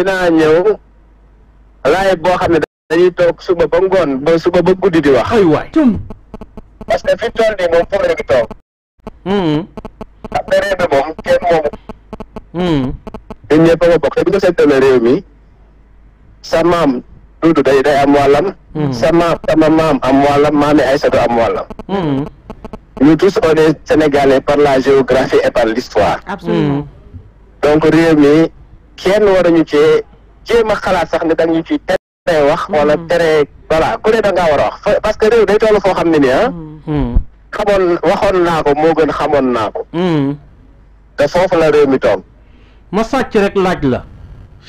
dina ñew lay bo xamne dañuy tok suba ba ngon ba suba ba guddi di wax. ay aywaay parce que fi tol toll nii moom foo tok hmm après réew mi moom kenn hmm ñun ñëpp a bokk te bu ñu seetalee réew mi sa mam dudu day day am walam hmm. sa mam sama mam am wàllam maami Aysatu am walam hmm nous tous on est sénégalais par la géographie et par l'histoire. absolument. Hmm. donc Rémi, kenn waruñu cee jéem a xalaat sax ne dañu ci tere wax wala mm. tere voilà ku ne da war a wax parce que réew day toll foo xam ne ni ah mm. Mm. xamoon waxoon naa ko moo gën xamoon naa ko te foofu la réew mi toll ma sàcc rek laaj la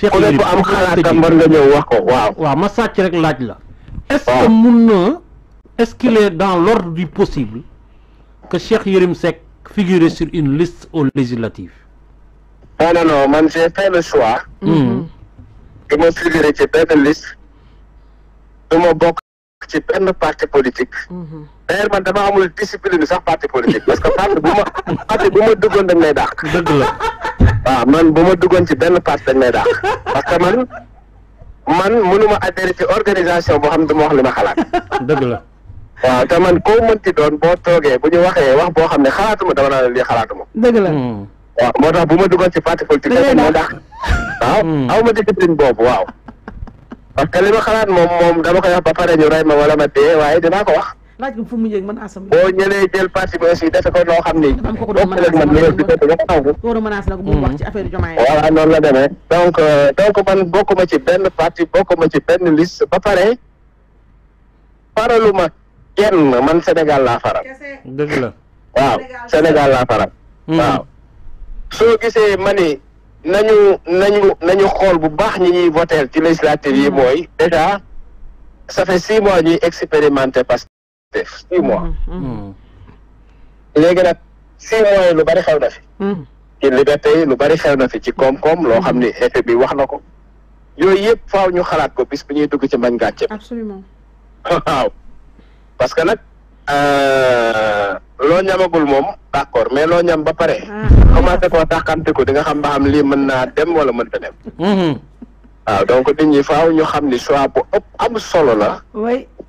ku ne ku am xalaatam war nga ñëw wax ko waaw waaw ma sàcc rek laaj la est-ce que mun na est dans l'ordre du possible que Cheikh Yérim Seck figure sur une liste aux législatives Non, non, non, man j'ai fait le choix. de Je suivre et de ci benn liste. du ma bokk ci le parti politique. d'ailleurs man dama une discipline sax parti politique parce que parti bu ma parti de mon dégoût de mes dents. Ah, man bon, ma duggoon ci benn parti dañ lay parce que man man mënuma adhérer ci organisation boo xam ne du ma wax li ma xalaat. dëgg ah, la. waaw te man koo mënti doon boo toogee bu ñu waxee wax boo xam ne xalaatuma dama naa leen lii xalaatuma. dëgg la. Mora buma duga ci fati ko ci mo ndax waaw aw ma dikk tin bobu waaw parce que li ma xalaat mom mom dama koy wax ba ñu ray ma wala ma dé waye dina ko wax ko fu mu man asam bo ñëlé jël parti bi aussi def ko lo xamni ko do man ñëw ci ko wax taw ko do menace la ko mu wax ci affaire jomaay wala non la démé donc donc man bokuma ci benn parti bokuma ci benn liste ba paré faraluma kenn man sénégal la faral deug la waaw sénégal la faral hmm. waaw soo gisee mani ni nañu nañu nañu xool bu baax ñi ñuy voter ci législative yi mm-hmm. mooy déjà ça fait six mois ñuy expérimenter Pastef six mois mm-hmm. léegi nag six mois yi lu bari xew na fi mm-hmm. ci liberté yi lu bari xew na fi ci koom-koom loo xam ni effet bi wax na ko yooyu yëpp faaw ñu xalaat ko bis bi ñuy dugg ci mbañ gàcce bi absolument waaw parce que nag euh, loo ñamagul moom d'accord mais loo ñam ba pare. Ah. commencé koo taxante ko di xam ba xam lii mën naa dem wala mënta dem. Mhm. waaw donc nit ñi faaw ñu xam ni choix bu ëpp solo la.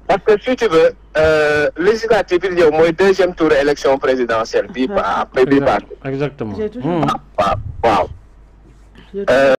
parce que si tu veux euh, législative bi ñëw mooy deuxième tour élection présidentielle bii ba après bii ba. exactement mhm. ah, waaw.